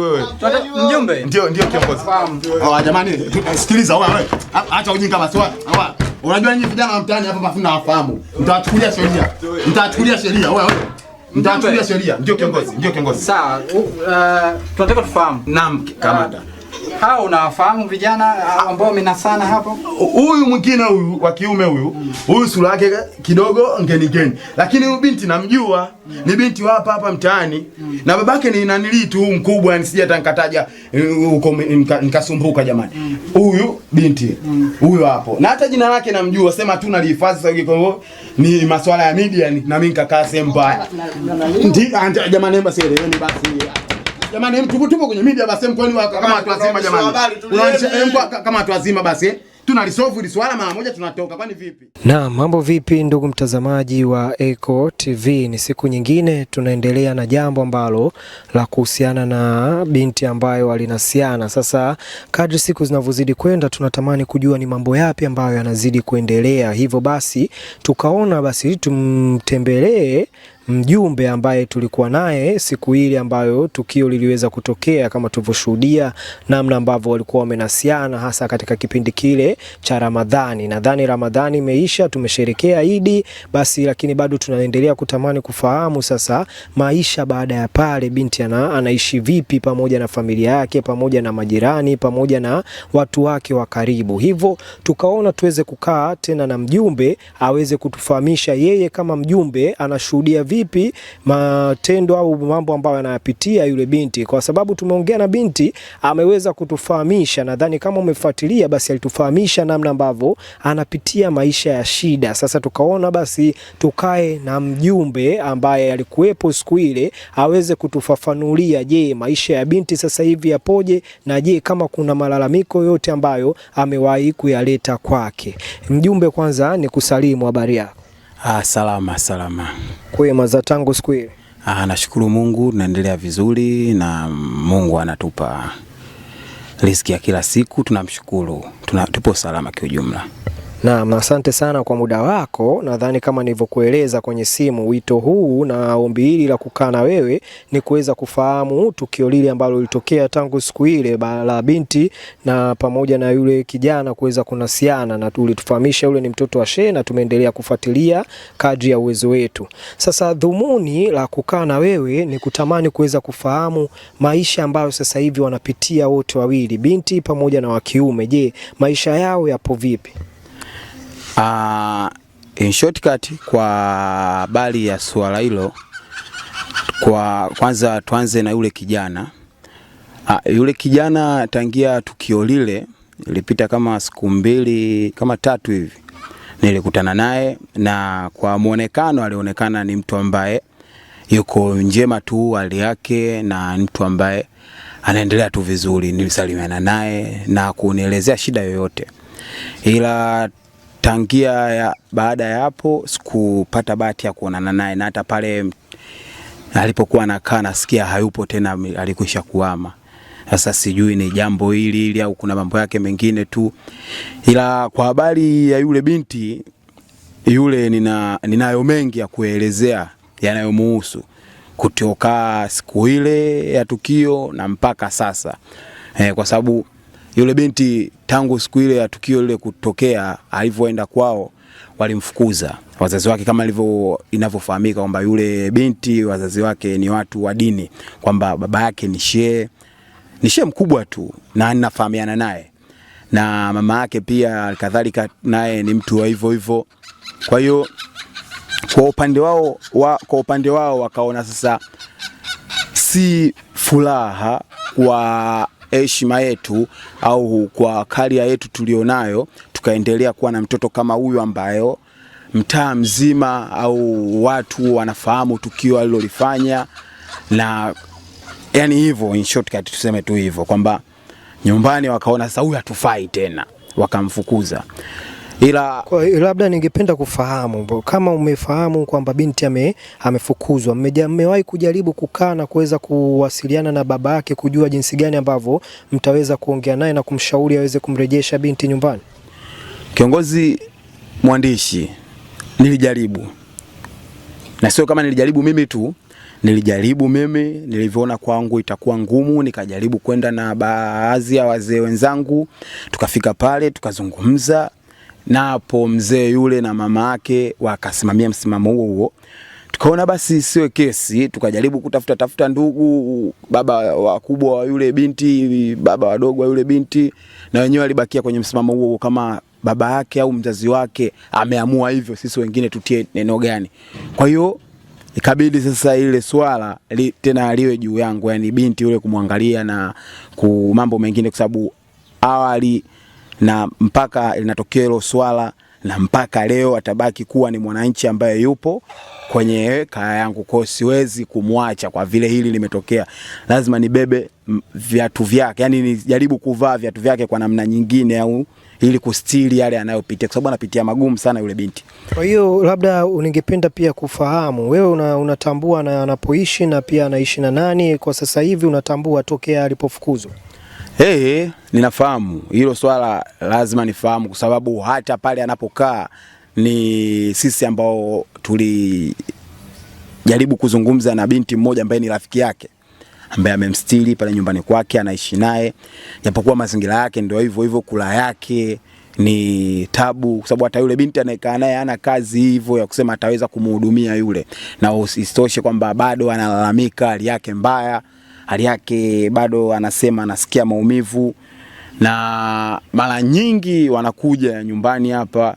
wapi wewe? Mjumbe. Ndio ndio kiongozi. Hawa jamani tunasikiliza wewe. Acha ujinga basi wewe. Unajua nyinyi vijana wa mtaani hapa mafuna hawafahamu. Mtawachukulia sheria. Mtawachukulia sheria wewe. Mtawachukulia sheria. Ndio kiongozi. Ndio kiongozi. Sawa. Uh, tunataka tufahamu. Naam kamanda. Uh, hao unawafahamu vijana ambao sana hapo? Huyu mwingine huyu wa kiume huyu huyu mm. sura yake kidogo ngeni ngeni, lakini huyu binti namjua mm. ni binti wa hapa hapa mtaani mm. na babake ni nanili tu mkubwa, yani sija tankataja huko eh, nikasumbuka jamani. Huyu mm. binti huyu mm. hapo, na hata jina lake namjua, sema tu nalihifadhi sasa. Kwa hiyo ni masuala ya media, na mimi nikakaa sehemu mbaya, ndio jamani, basi ni basi Jamani, tupo tupo kwenye media basi, mkoani mkwani kama watu wazima jamani, kama watu wazima basi tunalisolve hili swala mara moja, tunatoka. Kwani vipi? Na mambo vipi, ndugu mtazamaji wa Eko TV, ni siku nyingine tunaendelea na jambo ambalo la kuhusiana na binti ambayo alinasiana. Sasa kadri siku zinavyozidi kwenda, tunatamani kujua ni mambo yapi ambayo yanazidi kuendelea. Hivyo basi tukaona basi tumtembelee mjumbe ambaye tulikuwa naye siku ile ambayo tukio liliweza kutokea, kama tulivyoshuhudia namna ambavyo walikuwa wamenasiana, hasa katika kipindi kile cha Ramadhani. Nadhani Ramadhani imeisha, tumesherekea Idi basi, lakini bado tunaendelea kutamani kufahamu sasa maisha baada ya pale, binti ana, anaishi vipi pamoja na familia yake pamoja na majirani pamoja na watu wake wa karibu. Hivyo tukaona tuweze kukaa tena na mjumbe aweze kutufahamisha yeye kama mjumbe anashuhudia vipi vipi matendo au mambo ambayo anayapitia yule binti, kwa sababu tumeongea na binti, ameweza kutufahamisha. Nadhani kama umefuatilia, basi alitufahamisha namna ambavyo anapitia maisha ya shida. Sasa tukaona basi tukae na mjumbe ambaye alikuwepo siku ile aweze kutufafanulia, je, maisha ya binti sasa hivi yapoje, na je kama kuna malalamiko yote ambayo amewahi kuyaleta kwake. Mjumbe, kwanza ni kusalimu, habari yako? Ah, salama salama. Kwema za tangu siku ile. Ah, nashukuru Mungu tunaendelea vizuri na Mungu anatupa riziki ya kila siku, tunamshukuru. Tuna, tupo salama kiujumla. Naam, asante sana kwa muda wako. Nadhani kama nilivyokueleza kwenye simu, wito huu na ombi hili la kukaa na wewe ni kuweza kufahamu tukio lile ambalo lilitokea tangu siku ile la binti na pamoja na yule kijana kuweza kunasiana, na tulitufahamisha yule ni mtoto wa Shehe na tumeendelea kufuatilia kadri ya uwezo wetu. Sasa dhumuni la kukaa na wewe ni kutamani kuweza kufahamu maisha ambayo sasa hivi wanapitia wote wawili, binti pamoja na wa kiume. Je, maisha yao yapo vipi? Uh, in shortcut kwa habari ya suala hilo, kwa kwanza tuanze na yule kijana uh, yule kijana tangia tukio lile ilipita kama siku mbili kama tatu hivi nilikutana naye, na kwa mwonekano alionekana ni mtu ambaye yuko njema tu hali yake na mtu ambaye anaendelea tu vizuri. Nilisalimiana naye na kunielezea shida yoyote, ila tangia ya, baada ya hapo sikupata bahati ya kuonana naye, na hata pale alipokuwa anakaa nasikia hayupo tena, alikwisha kuama. Sasa sijui ni jambo hili ili au kuna mambo yake mengine tu, ila kwa habari ya yule binti yule nina, ninayo mengi ya kuelezea yanayomuhusu kutoka siku ile ya tukio na mpaka sasa eh, kwa sababu yule binti tangu siku ile ya tukio lile kutokea, alivyoenda kwao walimfukuza wazazi wake, kama ilivyo inavyofahamika kwamba yule binti wazazi wake ni watu wa dini, kwamba baba yake ni shehe, ni shehe mkubwa tu na anafahamiana naye, na mama yake pia kadhalika naye ni mtu wa hivyo hivyo. Kwa hiyo kwa upande wao wa, kwa upande wao wakaona sasa si furaha wa heshima yetu au kwa karia yetu tulionayo, tukaendelea kuwa na mtoto kama huyu ambayo mtaa mzima au watu wanafahamu tukio alilolifanya, na yani hivyo, in shortcut tuseme tu hivyo kwamba nyumbani wakaona sasa huyu hatufai tena, wakamfukuza ila kwa, labda ningependa kufahamu kama umefahamu kwamba binti ame, amefukuzwa, mmewahi kujaribu kukaa na kuweza kuwasiliana na baba yake kujua jinsi gani ambavyo mtaweza kuongea naye na kumshauri aweze kumrejesha binti nyumbani? Kiongozi mwandishi, nilijaribu na sio kama nilijaribu mimi tu, nilijaribu mimi, nilivyoona kwangu itakuwa ngumu, nikajaribu kwenda na baadhi ya wazee wenzangu, tukafika pale tukazungumza napo mzee yule na mama yake wakasimamia msimamo huo huo. Tukaona basi sio kesi, tukajaribu kutafuta tafuta ndugu, baba wakubwa wa yule binti, baba wadogo wa yule binti, na wenyewe walibakia kwenye msimamo huo kama baba yake au mzazi wake ameamua hivyo, sisi wengine tutie neno gani? Kwa hiyo ikabidi sasa ile swala li, tena aliwe juu yangu, yani binti yule kumwangalia na ku mambo mengine, kwa sababu awali na mpaka linatokea hilo swala na mpaka leo atabaki kuwa ni mwananchi ambaye yupo kwenye kaya yangu, kwa siwezi kumwacha kwa vile hili limetokea, lazima nibebe viatu vyake, yani nijaribu kuvaa viatu vyake kwa namna nyingine au ili kustiri yale anayopitia, kwa sababu anapitia magumu sana yule binti. Kwa hiyo labda ningependa pia kufahamu wewe una, unatambua na anapoishi na pia anaishi na nani kwa sasa hivi, unatambua tokea alipofukuzwa? Hey, ninafahamu hilo swala, lazima nifahamu, kwa sababu hata pale anapokaa ni sisi ambao tulijaribu kuzungumza na binti mmoja ambaye ni rafiki yake ambaye amemstiri pale nyumbani kwake, anaishi naye, japokuwa mazingira yake ndio hivyo hivyo, kula yake ni tabu, kwa sababu hata yule binti anayekaa naye ana kazi hivyo ya kusema ataweza kumhudumia yule, na usitoshe kwamba bado analalamika hali yake mbaya hali yake bado anasema anasikia maumivu, na mara nyingi wanakuja nyumbani hapa,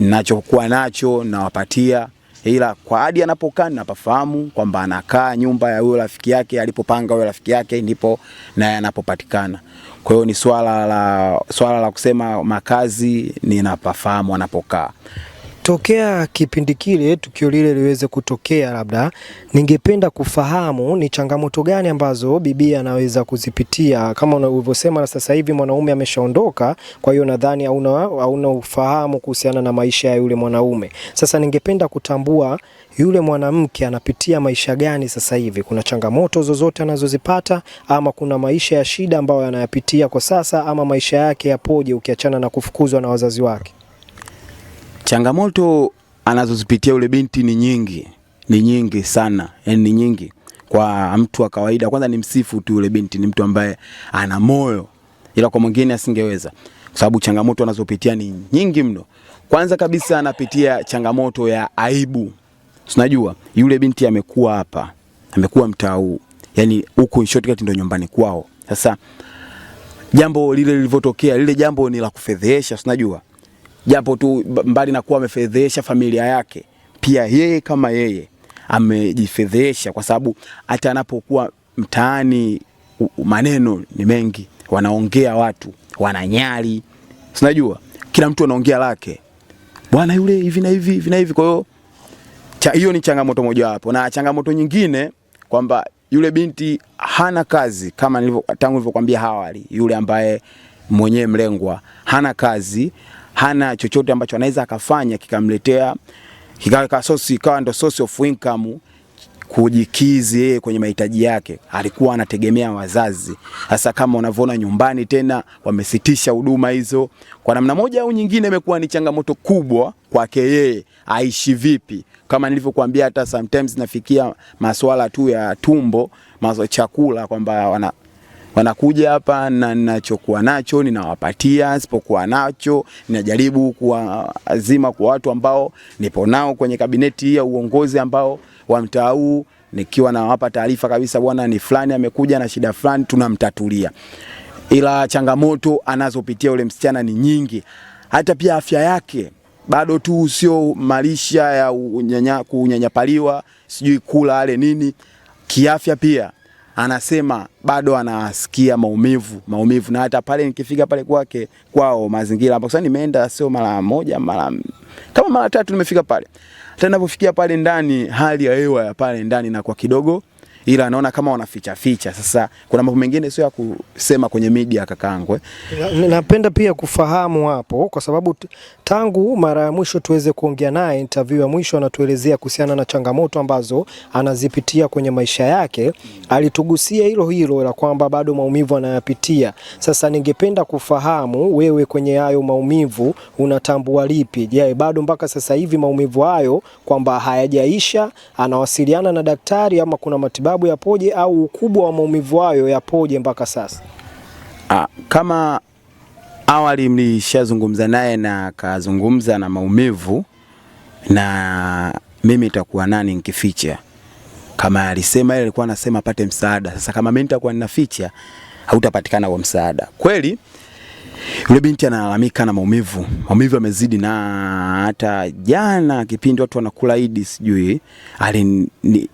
ninachokuwa nacho nawapatia, ila kwa hadi anapokaa ninapafahamu kwamba anakaa nyumba ya huyo rafiki yake, alipopanga huyo rafiki yake ndipo naye anapopatikana. Kwa hiyo ni swala la, swala la kusema makazi ninapafahamu anapokaa. Tokea kipindi kile tukio lile liweze kutokea, labda ningependa kufahamu ni changamoto gani ambazo bibi anaweza kuzipitia, kama ulivyosema, na sasa hivi mwanaume ameshaondoka, kwa hiyo nadhani hauna hauna ufahamu kuhusiana na maisha ya yule mwanaume. Sasa ningependa kutambua yule mwanamke anapitia maisha gani sasa hivi, kuna changamoto zozote anazozipata, ama kuna maisha ya shida ambayo anayapitia kwa sasa, ama maisha yake yapoje, ukiachana na kufukuzwa na wazazi wake? changamoto anazozipitia yule binti ni nyingi, ni nyingi sana, yani ni nyingi kwa mtu wa kawaida. Kwanza ni msifu tu, yule binti ni mtu ambaye ana moyo, ila kwa mwingine asingeweza, kwa sababu changamoto anazopitia ni nyingi mno. Kwanza kabisa anapitia changamoto ya aibu. Tunajua yule binti amekuwa hapa, amekuwa mtaa huu, yani huku shortcut ndio nyumbani kwao. Sasa jambo lile lilivyotokea, lile jambo ni la kufedhesha, tunajua japo tu mbali na kuwa amefedhesha familia yake, pia yeye kama yeye amejifedhesha, kwa sababu hata anapokuwa mtaani maneno ni mengi, wanaongea watu wananyali, sinajua kila mtu anaongea lake, bwana yule hivi na hivi hivi na hivi. Kwa hiyo hiyo ni changamoto mojawapo, na changamoto nyingine kwamba yule binti hana kazi kama nilivyo tangu nilivyokuambia awali, yule ambaye mwenyewe mlengwa hana kazi, hana chochote ambacho anaweza akafanya kikamletea kikawa sosi ikawa ndo source of income kujikizi yeye kwenye mahitaji yake. Alikuwa anategemea wazazi. Sasa kama unavyoona nyumbani tena wamesitisha huduma hizo, kwa namna moja au nyingine imekuwa ni changamoto kubwa kwake yeye, aishi vipi? Kama nilivyokuambia, hata sometimes nafikia masuala tu ya tumbo, mazo chakula, kwamba wanakuja hapa na ninachokuwa nacho ninawapatia, sipokuwa nacho ninajaribu kuwazima kwa watu ambao nipo nao kwenye kabineti ya uongozi ambao wa mtaa huu, nikiwa nawapa taarifa kabisa, bwana ni fulani amekuja na shida fulani, tunamtatulia. Ila changamoto anazopitia yule msichana ni nyingi, hata pia afya yake bado tu sio malisha ya kunyanyapaliwa, sijui kula ale nini, kiafya pia anasema bado anasikia maumivu maumivu, na hata pale nikifika pale kwake kwao mazingira hapo, sasa nimeenda sio mara moja, mara kama mara tatu nimefika pale. Hata ninapofikia pale ndani, hali ya hewa ya pale ndani na kwa kidogo ila anaona kama wanaficha ficha. Sasa kuna mambo mengine sio ya kusema kwenye media kakangwe. Napenda pia kufahamu hapo, kwa sababu tangu mara ya mwisho tuweze kuongea naye, interview ya mwisho anatuelezea kuhusiana na changamoto ambazo anazipitia kwenye maisha yake, alitugusia hilo hilo la kwamba bado maumivu anayapitia. Sasa ningependa kufahamu wewe, kwenye hayo maumivu unatambua lipi? Je, bado mpaka sasa hivi maumivu hayo kwamba hayajaisha, anawasiliana na daktari ama kuna matibabu matibabu yapoje au ukubwa wa maumivu hayo yapoje mpaka sasa? Ah, kama awali mlishazungumza naye na akazungumza na maumivu, na mimi nitakuwa nani nikificha? Kama alisema yeye alikuwa anasema apate msaada. Sasa kama mimi nitakuwa ninaficha, hautapatikana huo msaada kweli. Yule binti analalamika na maumivu, maumivu yamezidi, na hata jana kipindi watu wanakula Idi sijui ali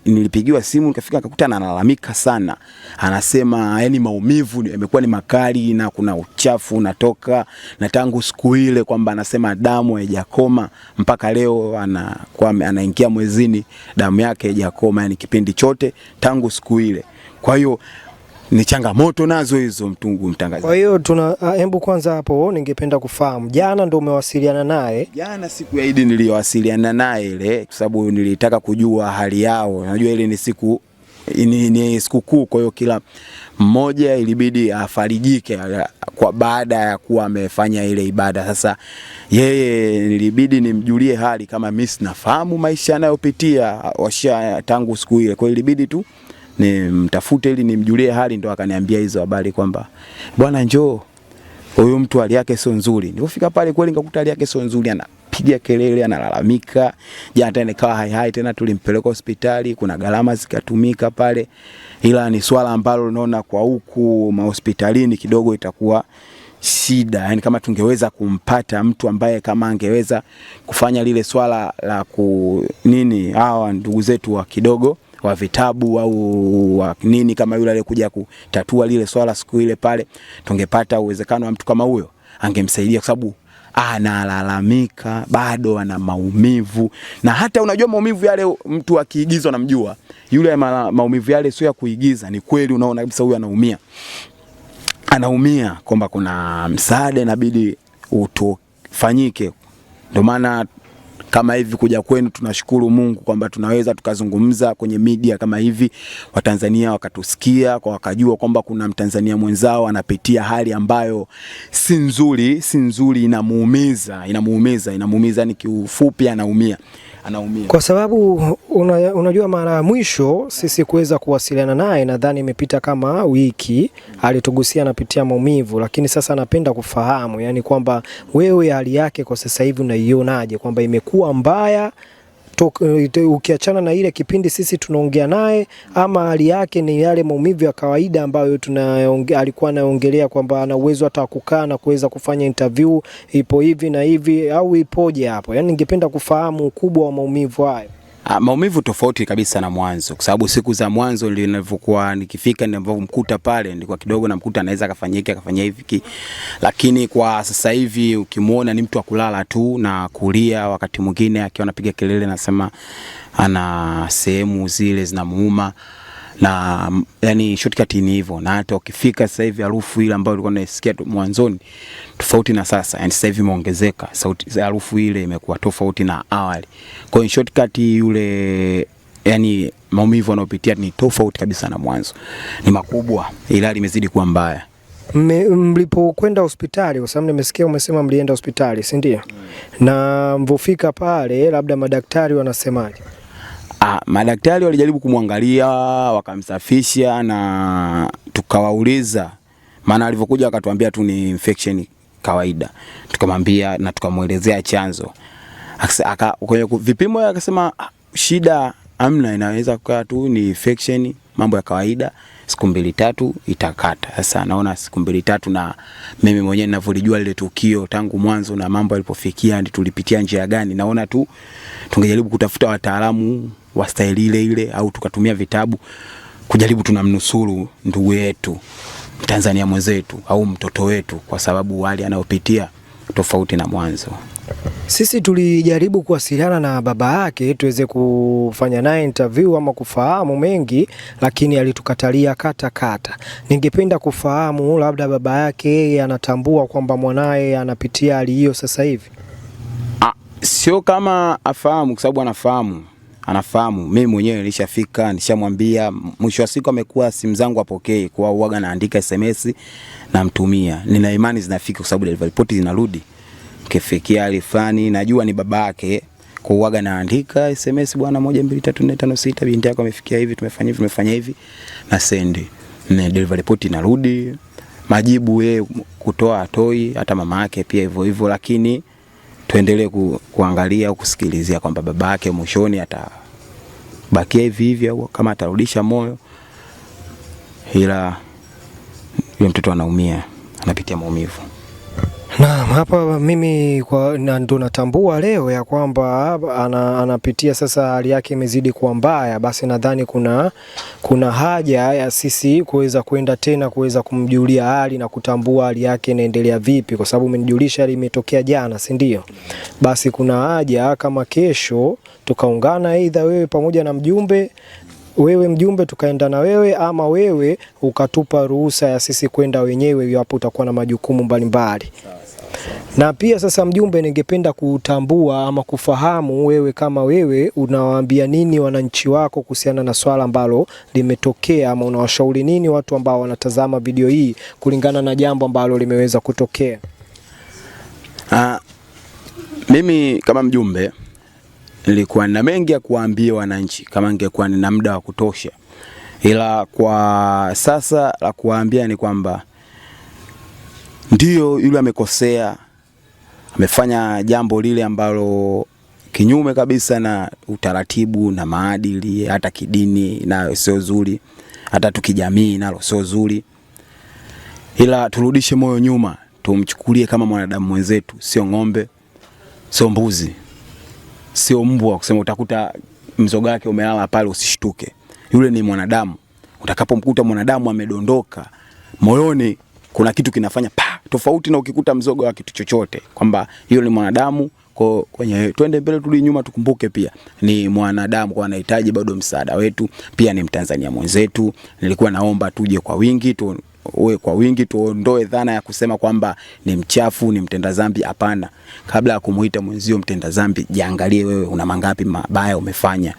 nilipigiwa simu nikafika nikakuta analalamika sana, anasema yani maumivu yamekuwa ni makali na kuna uchafu unatoka, na tangu siku ile kwamba anasema damu haijakoma mpaka leo, anakuwa anaingia mwezini damu yake haijakoma, yani kipindi chote tangu siku ile, kwa hiyo ni changamoto nazo hizo, mtungu mtangazaji. Kwa hiyo tuna ah, hebu kwanza hapo, ningependa kufahamu jana ndio umewasiliana naye? Jana siku ya Idi niliyowasiliana naye ile, kwa sababu nilitaka kujua hali yao. Najua ile ni siku ni, ni sikukuu, kwa hiyo kila mmoja ilibidi afarijike ah, kwa baada ya kuwa amefanya ile ibada. Sasa yeye nilibidi nimjulie hali, kama mimi sinafahamu maisha anayopitia washa tangu siku ile, kwa hiyo ilibidi tu ni mtafute ili nimjulie hali, ndo akaniambia hizo habari kwamba bwana, njoo huyu mtu hali yake sio nzuri. Nilipofika pale kweli nikakuta hali yake sio nzuri, anapiga kelele, analalamika. Jana tena nikawa hai hai tena, tulimpeleka hospitali, kuna gharama zikatumika pale, ila ni swala ambalo naona kwa huku mahospitalini kidogo itakuwa shida, yani kama tungeweza kumpata mtu ambaye kama angeweza kufanya lile swala la ku nini hawa ndugu zetu wa kidogo wa vitabu au wa nini, kama yule aliyekuja kutatua lile swala siku ile pale, tungepata uwezekano wa mtu kama huyo, angemsaidia kwa sababu analalamika bado ana maumivu, na hata unajua maumivu yale mtu akiigizwa, namjua yule maumivu yale sio ya kuigiza, ni kweli. Unaona kabisa huyu anaumia, anaumia kwamba kuna msaada inabidi utufanyike. Ndio maana kama hivi kuja kwenu, tunashukuru Mungu kwamba tunaweza tukazungumza kwenye media kama hivi, Watanzania wakatusikia kwa wakajua kwamba kuna Mtanzania mwenzao anapitia hali ambayo si nzuri, si nzuri, inamuumiza, inamuumiza, inamuumiza, ni kiufupi anaumia anaumia, kwa sababu una, unajua mara ya mwisho sisi kuweza kuwasiliana naye nadhani imepita kama wiki Alitugusia anapitia maumivu, lakini sasa anapenda kufahamu yani kwamba wewe hali yake kwa sasa hivi unaionaje, kwamba imekuwa mbaya Eh, ukiachana na ile kipindi sisi tunaongea naye, ama hali yake ni yale maumivu ya kawaida ambayo tunaonge, alikuwa anaongelea kwamba ana uwezo hata kukaa na kuweza kufanya interview ipo hivi na hivi au ipoje hapo, yani ningependa kufahamu ukubwa wa maumivu hayo. Ah, maumivu tofauti kabisa na mwanzo, kwa sababu siku za mwanzo nilivyokuwa nikifika, nilivyomkuta pale, nilikuwa kidogo namkuta anaweza akafanya hiki akafanya hivi, lakini kwa sasa hivi ukimwona ni mtu wa kulala tu na kulia, wakati mwingine akiwa anapiga kelele, nasema ana sehemu zile zinamuuma na yani shortcut ni hivyo, na hata ukifika sasa hivi harufu ile ambayo ulikuwa unasikia mwanzoni tofauti na sasa, yani sasa hivi imeongezeka sauti, harufu ile imekuwa tofauti na awali. Kwa hiyo shortcut yule yani maumivu anayopitia ni tofauti kabisa na mwanzo, ni makubwa, ila limezidi kuwa mbaya. Mlipokwenda hospitali, kwa sababu nimesikia umesema mlienda hospitali, si ndio? Mm. na mvofika pale, labda madaktari wanasemaje? Ah, madaktari walijaribu kumwangalia wakamsafisha na tukawauliza, maana alivyokuja akatuambia tu ni infection kawaida, tukamwambia na tukamwelezea chanzo. Aka kwenye vipimo akasema ah, shida amna, inaweza kukaa tu ni infection, mambo ya kawaida, siku mbili tatu itakata. Sasa naona siku mbili tatu, na mimi mwenyewe ninavyolijua lile tukio tangu mwanzo na mambo yalipofikia, tulipitia njia gani, naona tu tungejaribu kutafuta wataalamu wa staili ile ile, au tukatumia vitabu kujaribu tunamnusuru ndugu yetu tanzania mwenzetu au mtoto wetu, kwa sababu wale anayopitia tofauti na mwanzo. Sisi tulijaribu kuwasiliana na baba yake tuweze kufanya naye interview ama kufahamu mengi, lakini alitukatalia kata kata. Ningependa kufahamu labda baba yake yeye anatambua kwamba mwanaye anapitia hali hiyo sasa hivi. Ah, sio kama afahamu, kwa sababu anafahamu anafahamu mimi mwenyewe nilishafika, nishamwambia. Mwisho wa siku amekuwa simu zangu apokee, kwa uaga naandika SMS namtumia, nina imani zinafika kwa sababu delivery report zinarudi. Kifikia hali fulani najua ni baba yake, kwa uaga naandika SMS, bwana, moja mbili tatu nne tano sita, binti yako amefikia hivi, tumefanya hivi, tumefanya hivi na sendi na delivery report inarudi, majibu yeye kutoa atoi, hata mama yake pia hivyo hivyo, lakini tuendelee ku, kuangalia au kusikilizia kwamba baba yake mwishoni atabakia hivi hivi au kama atarudisha moyo, ila yule mtoto anaumia, anapitia maumivu. Naam, hapa mimi na ndo natambua leo ya kwamba ana, anapitia sasa hali yake imezidi kuwa mbaya, basi nadhani kuna, kuna haja ya sisi kuweza kwenda tena kuweza kumjulia hali na kutambua hali yake inaendelea vipi, kwa sababu umenijulisha limetokea imetokea jana, si ndio? Basi kuna haja kama kesho tukaungana, aidha wewe pamoja na mjumbe wewe mjumbe, tukaenda na wewe ama wewe ukatupa ruhusa ya sisi kwenda wenyewe, iwapo utakuwa na majukumu mbalimbali. Na pia sasa, mjumbe, ningependa kutambua ama kufahamu wewe kama wewe unawaambia nini wananchi wako kuhusiana na swala ambalo limetokea, ama unawashauri nini watu ambao wanatazama video hii kulingana na jambo ambalo limeweza kutokea? Aa, ah, mimi kama mjumbe nilikuwa na mengi ya kuwaambia wananchi kama ningekuwa nina muda wa kutosha, ila kwa sasa la kuwaambia ni kwamba ndiyo yule amekosea amefanya jambo lile ambalo kinyume kabisa na utaratibu na maadili, hata kidini nayo sio zuri, hata tukijamii nalo sio zuri, ila turudishe moyo nyuma, tumchukulie kama mwanadamu mwenzetu, sio ng'ombe, sio mbuzi, sio mbwa kusema utakuta mzoga wake umelala pale, usishtuke. Yule ni mwanadamu. Utakapomkuta mwanadamu amedondoka moyoni, kuna kitu kinafanya pa tofauti na ukikuta mzoga wa kitu chochote, kwamba hiyo ni mwanadamu kwa kwenye twende mbele turudi nyuma, tukumbuke pia ni mwanadamu, kwa anahitaji bado msaada wetu, pia ni Mtanzania mwenzetu. Nilikuwa naomba tuje kwa wingi tu uwe kwa wingi, tuondoe dhana ya kusema kwamba ni mchafu, ni mtenda zambi. Hapana, kabla ya kumuita mwenzio mtenda zambi, jiangalie wewe una mangapi mabaya umefanya,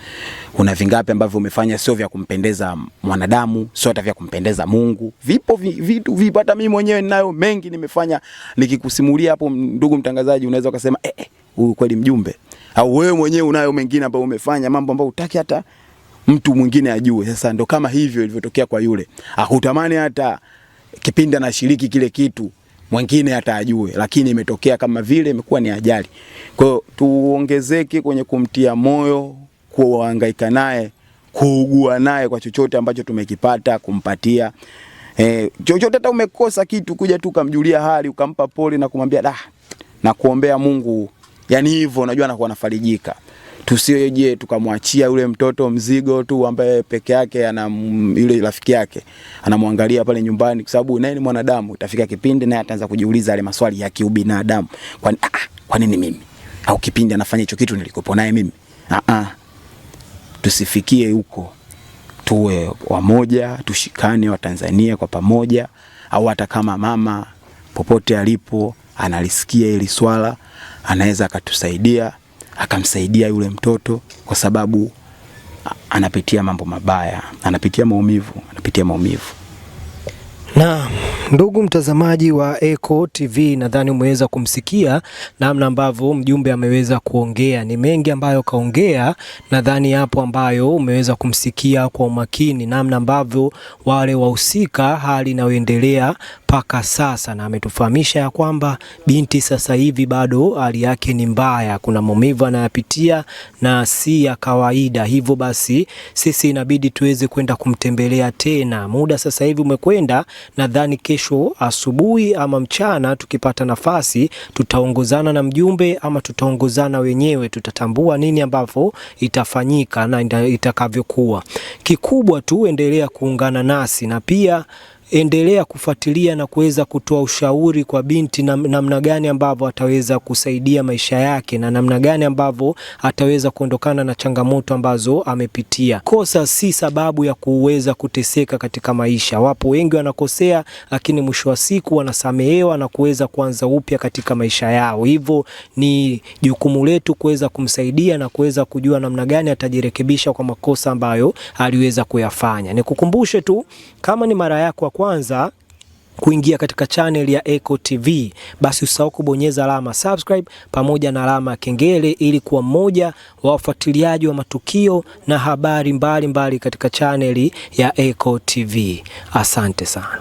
una vingapi ambavyo umefanya sio vya kumpendeza mwanadamu, sio hata vya kumpendeza Mungu. Vipo vitu vipo, hata mimi mwenyewe ninayo mengi nimefanya. Nikikusimulia hapo, ndugu mtangazaji, unaweza ukasema eh, eh huyu kweli mjumbe, au wewe mwenyewe unayo mengine ambayo umefanya mambo ambayo utaki hata mtu mwingine ajue. Sasa ndo kama hivyo ilivyotokea kwa yule, akutamani hata kipindi anashiriki kile kitu mwingine hata ajue, lakini imetokea kama vile imekuwa ni ajali. Kwa hiyo tuongezeke kwenye kumtia moyo, kuhangaika naye, kuugua naye kwa chochote ambacho tumekipata kumpatia Eh, chochote hata umekosa kitu kuja tu ukamjulia hali ukampa pole na kumwambia da, na kuombea Mungu, yani hivyo unajua anakuwa anafarijika tusije tukamwachia yule mtoto mzigo tu ambaye peke yake ana yule rafiki yake anamwangalia pale nyumbani, kwa sababu naye ni mwanadamu. Itafika kipindi naye ataanza kujiuliza yale maswali ya kiubinadamu, kwa nini ah, ah kwa nini mimi? Au kipindi anafanya hicho kitu nilikopo naye mimi? Ah, ah, tusifikie huko, tuwe wamoja, tushikane Watanzania kwa pamoja, au hata kama mama popote alipo analisikia hili swala, anaweza akatusaidia akamsaidia yule mtoto, kwa sababu anapitia mambo mabaya, anapitia maumivu, anapitia maumivu. Na ndugu mtazamaji wa Eko TV, nadhani umeweza kumsikia namna ambavyo mjumbe ameweza kuongea. Ni mengi ambayo kaongea, nadhani hapo ambayo umeweza kumsikia kwa umakini, namna ambavyo wale wahusika, hali inayoendelea mpaka sasa, na ametufahamisha ya kwamba binti sasa hivi bado hali yake ni mbaya, kuna maumivu anayapitia na si ya kawaida. Hivyo basi sisi inabidi tuweze kwenda kumtembelea tena. Muda sasa hivi umekwenda nadhani kesho asubuhi ama mchana tukipata nafasi, tutaongozana na mjumbe ama tutaongozana wenyewe, tutatambua nini ambavyo itafanyika na itakavyokuwa. Kikubwa tu endelea kuungana nasi na pia endelea kufuatilia na kuweza kutoa ushauri kwa binti na namna gani ambavyo ataweza kusaidia maisha yake na namna gani ambavyo ataweza kuondokana na changamoto ambazo amepitia. Kosa si sababu ya kuweza kuteseka katika maisha. Wapo wengi wanakosea, lakini mwisho wa siku wanasamehewa na kuweza kuanza upya katika maisha yao. Hivyo ni jukumu letu kuweza kumsaidia na kuweza kujua namna gani atajirekebisha kwa makosa ambayo aliweza kuyafanya. Nikukumbushe tu kama ni mara yako kwanza kuingia katika channel ya Eko TV, basi usahau kubonyeza alama subscribe pamoja na alama ya kengele ili kuwa mmoja wa wafuatiliaji wa matukio na habari mbalimbali mbali katika chaneli ya Eko TV. Asante sana.